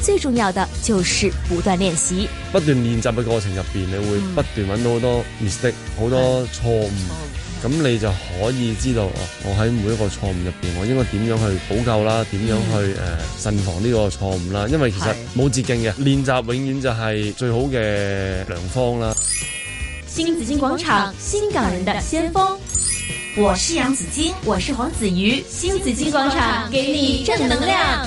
最重要的就是不斷練習。不斷練習嘅過程入邊，你會不斷揾到好多 mistakes，好多錯誤。咁、嗯嗯、你就可以知道，我喺每一個錯誤入邊，我應該點樣去補救啦，點、嗯、樣去誒、呃、慎防呢個錯誤啦。因為其實冇捷徑嘅、嗯，練習永遠就係最好嘅良方啦。新紫荊廣場，新港人的先鋒。我是楊紫晶，我是黃子瑜。新紫荊廣場，給你正能量。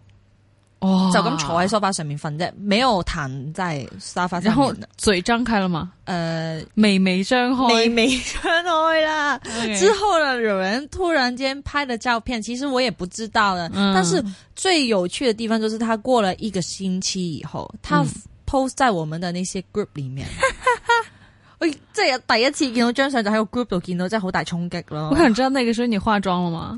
就咁坐喺沙發上面瞓啫，沒有躺在沙發上，然後嘴張開了嘛？呃、微微張開，微微張開啦。Okay. 之後呢，有人突然間拍的照片，其實我也不知道了、嗯、但是最有趣的地方就是，他過了一個星期以後，他 post 在我們的那些 group 裏面。我即係第一次見到張相，就喺個 group 度見到，真係好大衝擊咯。我想知道那個時候你化妝了嗎？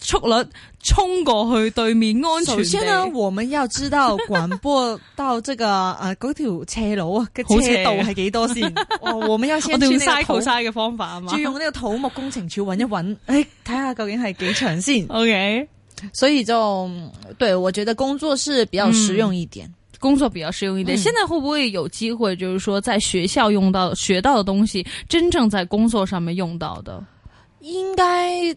速率衝過去對面安全。首先呢，我們要知道廣播到這個誒嗰條斜路啊，個車道係幾多先。 哦、我我要先嘥嘥嘅方法啊嘛，仲 用呢個土木工程署揾一揾，誒 睇下究竟係幾長先。OK，所以就對我覺得工作是比較實用一點，嗯、工作比較實用一點。嗯、現在會不會有機會，就是說在學校用到學到嘅東西，真正在工作上面用到的，應該。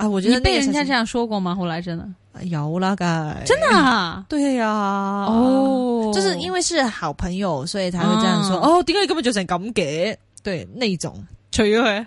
啊，我覺得你被人家這樣說過嗎？後來真的有啦，梗係真的，啊，的啊對呀、啊，哦、oh.，就是因為是好朋友，所以才會這樣說。Oh. 哦，點解你根本就成咁嘅？對，那種除咗佢。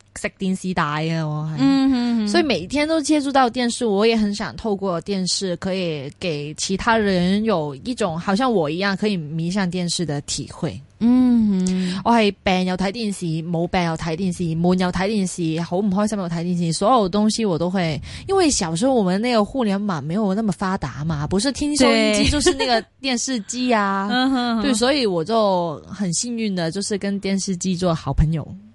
設定時代哦、嗯，所以每天都接觸到電視，我也很想透過電視可以給其他人有一種好像我一樣可以迷上電視的體會。嗯，我係病又睇電視，冇病又睇電視，悶又睇電視，好唔開心又睇電視，所有東西我都會。因為小時候我們那個互聯網沒有那麼發達嘛，不是聽收音機就是那個電視機啊。對， 對，所以我就很幸運的，就是跟電視機做好朋友。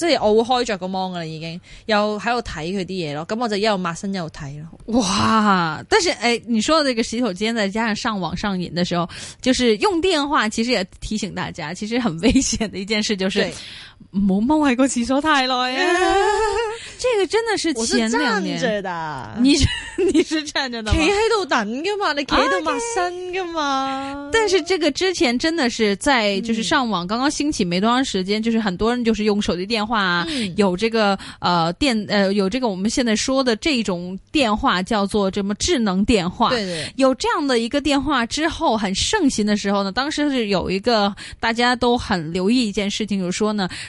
即係我會開着個 mon 噶啦，已經又喺度睇佢啲嘢咯，咁我就一路抹身一路睇咯。哇！但是誒、欸，你說到呢個洗手間再加上上網上癮嘅時候，就是用電話，其實也提醒大家，其實很危險嘅一件事就是。冇踎喺個廁所太耐呀！這個真的是前兩年，我是站着的，你是你是站着的嗎？企喺度等㗎嘛？你企喺度嘛生㗎嘛？Okay. 但是這個之前真的是在就是上網、嗯、剛剛興起沒多長時間，就是很多人就是用手機電話啊，嗯、有這個呃電呃有這個我們現在說的這種電話叫做什麼智能電話？對對，有這樣的一個電話之後，很盛行的時候呢，當時是有一個大家都很留意一件事情，就是說呢。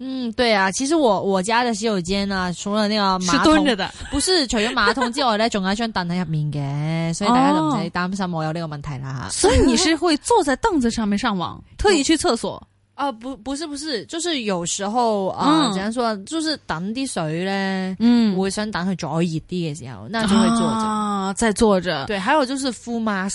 嗯，對啊，其實我我家的洗手間呢、啊，除了那個馬桶是蹲着的，不是除了馬桶之外呢，仲有張凳喺入面嘅，所以大家就唔使擔心我有呢個問題啦。所以你是會坐在凳子上面上網，特、哦、意去廁所啊、呃？不，不是，不是，就是有時候啊，怎、呃、樣、嗯、說，就是等啲水咧，嗯，會想等佢再熱啲嘅時候，那就會坐着、啊，在坐着。對，還有就是敷 mask。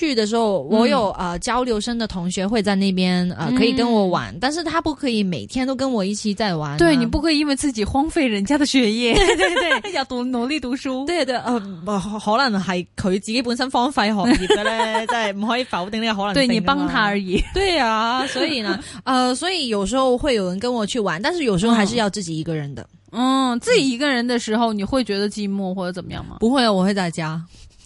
去的時候，我有啊、嗯呃、交流生的同學會在那邊啊、呃，可以跟我玩、嗯，但是他不可以每天都跟我一起在玩、啊。對你不可以因為自己荒廢人家的學業， 對對對，要多努力讀書。對對，對呃，可能係佢自己本身荒廢學業嘅咧，即係唔可以否定呢個好難。對你幫他而已。 對啊，所以呢呃，所以有時候會有人跟我去玩，但是有時候還是要自己一個人的。哦、嗯，自己一個人的時候、嗯，你會覺得寂寞或者怎麼樣嗎？不會，啊，我會在家。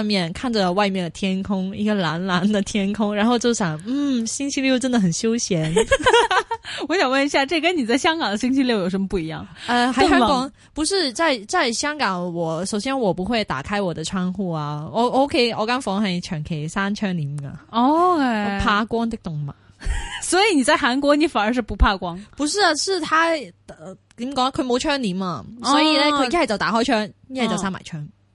上面看着外面的天空，一個藍藍的天空，然後就想，嗯，星期六真的很休閒。 我想問一下，這跟你在香港的星期六有什麼不一樣？呃，韓國不是在在香港，我首先我不會打開我的窗戶啊。我 OK，我間房係長期閂窗簾噶，哦、oh, yeah.，怕光的動物。 所以你在韓國，你反而是不怕光？不是啊，是他點講？佢冇窗簾嘛。所以呢，佢、oh. 一係就打開窗，一係就閂埋窗。Oh.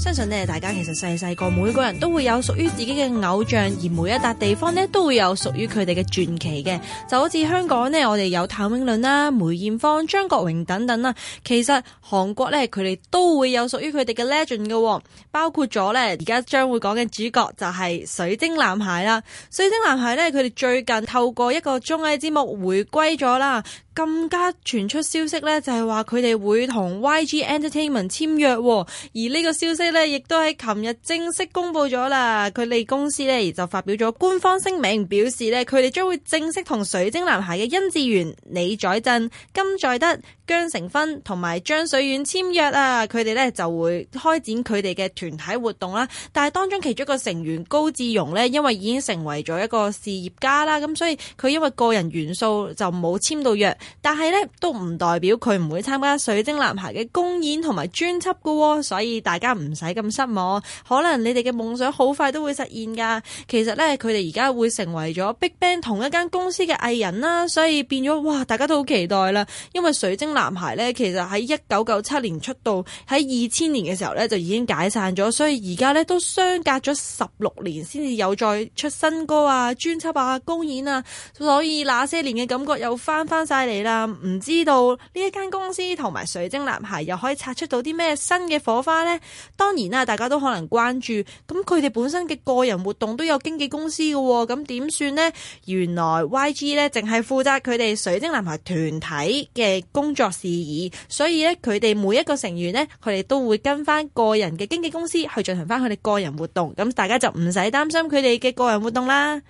相信呢大家其實細細個每個人都會有屬於自己嘅偶像，而每一笪地方呢都會有屬於佢哋嘅傳奇嘅。就好似香港呢，我哋有譚詠麟啦、梅艷芳、張國榮等等啦。其實韓國呢，佢哋都會有屬於佢哋嘅 legend 嘅，包括咗呢而家將會講嘅主角就係水晶男孩啦。水晶男孩呢，佢哋最近透過一個綜藝節目回歸咗啦。更加傳出消息咧，就係話佢哋會同 YG Entertainment 簽約，而呢個消息咧亦都喺琴日正式公佈咗啦。佢哋公司咧就發表咗官方聲明，表示咧佢哋將會正式同水晶男孩嘅殷志源、李宰鎮、金在德、姜成勳同埋張水遠簽約啊！佢哋咧就會開展佢哋嘅團體活動啦。但係當中其中一個成員高志溶咧，因為已經成為咗一個事業家啦，咁所以佢因為個人元素就冇簽到約。但係呢都唔代表佢唔會參加水晶男孩嘅公演同埋專輯噶喎，所以大家唔使咁失望。可能你哋嘅夢想好快都會實現噶。其實呢，佢哋而家會成為咗 BigBang 同一間公司嘅藝人啦，所以變咗哇，大家都好期待啦。因為水晶男孩呢，其實喺一九九七年出道，喺二千年嘅時候呢，就已經解散咗，所以而家呢，都相隔咗十六年先至有再出新歌啊、專輯啊、公演啊，所以那些年嘅感覺又翻翻晒，啦，唔知道呢一間公司同埋水晶男孩又可以擦出到啲咩新嘅火花呢？當然啦，大家都可能關注。咁佢哋本身嘅個人活動都有經紀公司嘅，咁點算呢？原來 YG 咧淨係負責佢哋水晶男孩團體嘅工作事宜，所以咧佢哋每一個成員呢，佢哋都會跟翻個人嘅經紀公司去進行翻佢哋個人活動。咁大家就唔使擔心佢哋嘅個人活動啦。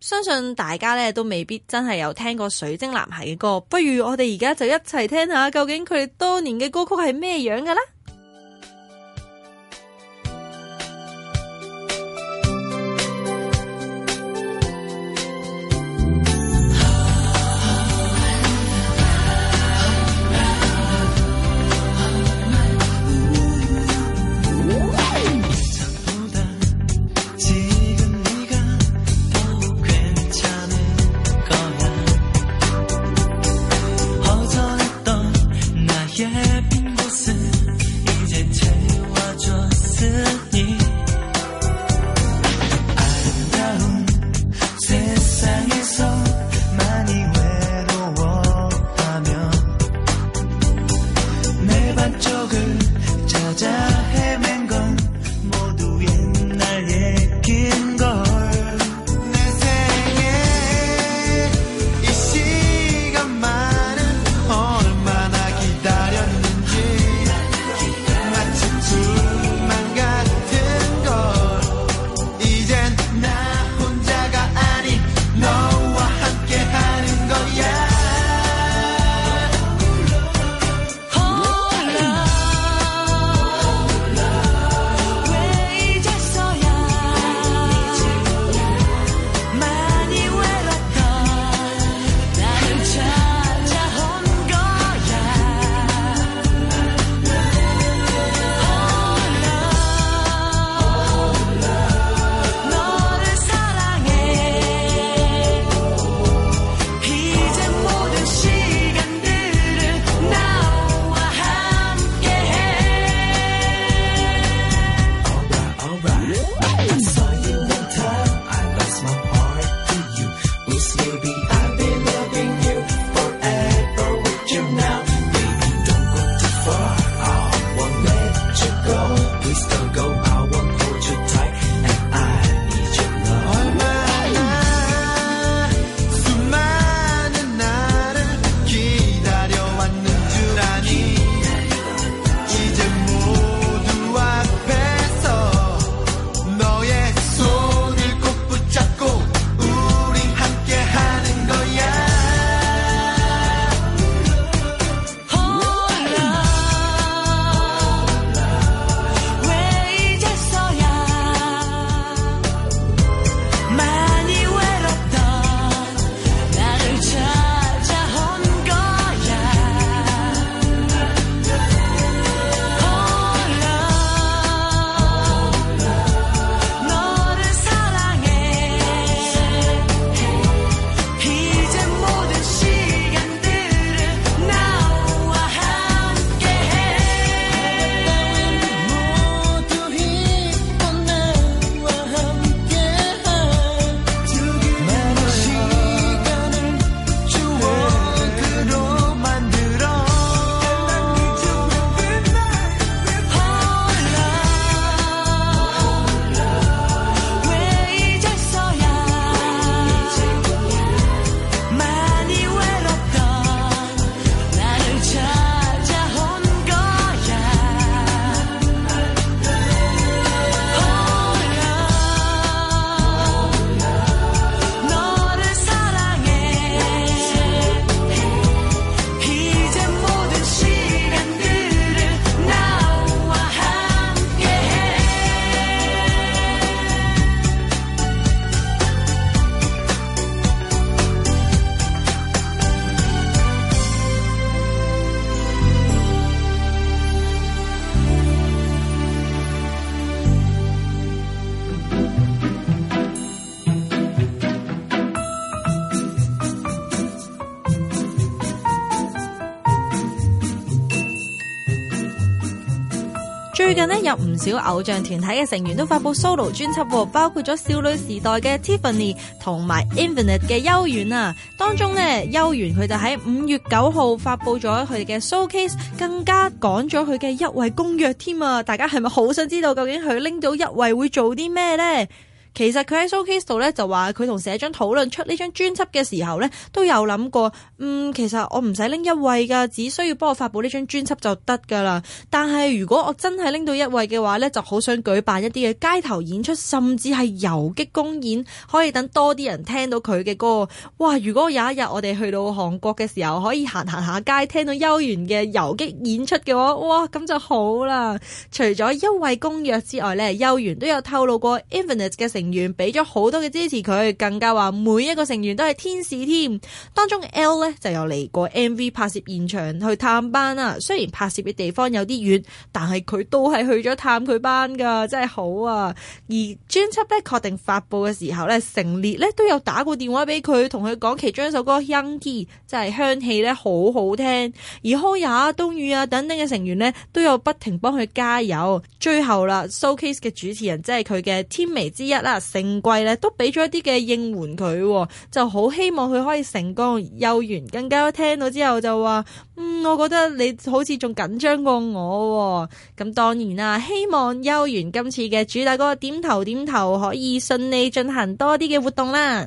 相信大家咧都未必真係有聽過水晶男孩嘅歌，不如我哋而家就一齊聽下究竟佢哋當年嘅歌曲係咩樣嘅啦。有唔少偶像團體嘅成員都發佈 solo 專輯喎，包括咗少女時代嘅 Tiffany 同埋 Infinite 嘅優鉉啊。當中呢，優鉉佢就喺五月九號發佈咗佢嘅 showcase，更加講咗佢嘅一位公約添啊！大家係咪好想知道究竟佢拎到一位會做啲咩呢？其實佢喺 showcase 度咧就話佢同社長討論出呢張專輯嘅時候咧都有諗過，嗯，其實我唔使拎一位噶，只需要幫我發佈呢張專輯就得噶啦。但係如果我真係拎到一位嘅話咧，就好想舉辦一啲嘅街頭演出，甚至係遊擊公演，可以等多啲人聽到佢嘅歌。哇！如果有一日我哋去到韓國嘅時候，可以行行下街聽到休圓嘅遊擊演出嘅話，哇！咁就好啦。除咗一位公約之外咧，休圓都有透露過 Infinite 嘅成員俾咗好多嘅支持佢，更加話每一個成員都係天使添。當中 L 咧就有嚟過 MV 拍攝現場去探班啊！雖然拍攝嘅地方有啲遠，但係佢都係去咗探佢班噶，真係好啊！而專輯咧確定發布嘅時候咧，成列咧都有打過電話俾佢，同佢講其中一首歌 Young 香氣，真係香氣咧好好聽。而 Hoya 冬雨啊等等嘅成員咧都有不停幫佢加油。最後啦，showcase 嘅主持人即係佢嘅天眉之一成季咧都俾咗一啲嘅應援佢，就好希望佢可以成功。幼然更加聽到之後就話：嗯，我覺得你好似仲緊張過我。咁當然啦，希望幼然今次嘅主打歌點頭點頭，可以順利進行多啲嘅活動啦。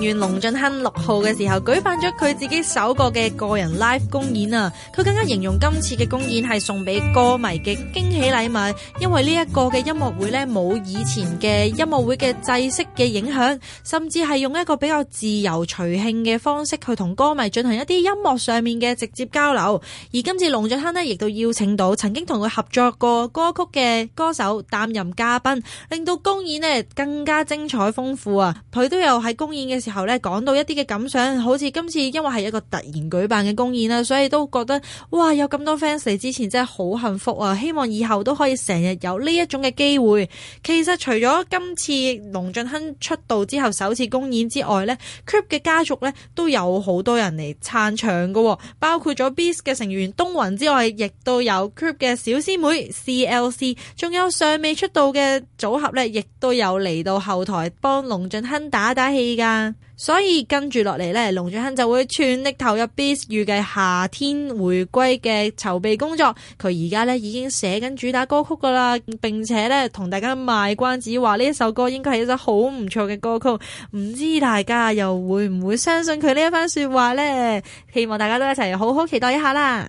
完龍俊亨六號嘅時候，舉辦咗佢自己首個嘅個人 live 公演啊！佢更加形容今次嘅公演係送俾歌迷嘅驚喜禮物。因為呢一個嘅音樂會呢，冇以前嘅音樂會嘅制式嘅影響，甚至係用一個比較自由隨興嘅方式去同歌迷進行一啲音樂上面嘅直接交流。而今次龍俊亨呢，亦都邀請到曾經同佢合作過歌曲嘅歌手擔任嘉賓，令到公演呢更加精彩豐富啊！佢都有喺公演嘅時候呢講到一啲嘅感想，好似今次因為係一個突然舉辦嘅公演啦，所以都覺得哇，有咁多 fans 嚟之前真係好幸福啊！希望以後都可以成日。有呢一種嘅機會，其實除咗今次龍俊亨出道之後首次公演之外呢 Cube 嘅家族呢都有好多人嚟撐場㗎喎，包括咗 Beast 嘅成員東雲之外，亦都有 Cube 嘅小師妹 CLC，仲有尚未出道嘅組合呢亦都有嚟到後台幫龍俊亨打打氣噶。所以跟住落嚟呢，龍俊亨就會全力投入 Beast，預計夏天回歸嘅籌備工作。佢而家呢已經寫緊主打歌曲噶啦，並且呢同大家賣關子，話呢一首歌應該係一首好唔錯嘅歌曲。唔知大家又會唔會相信佢呢一番說話呢？希望大家都一齊好好期待一下啦！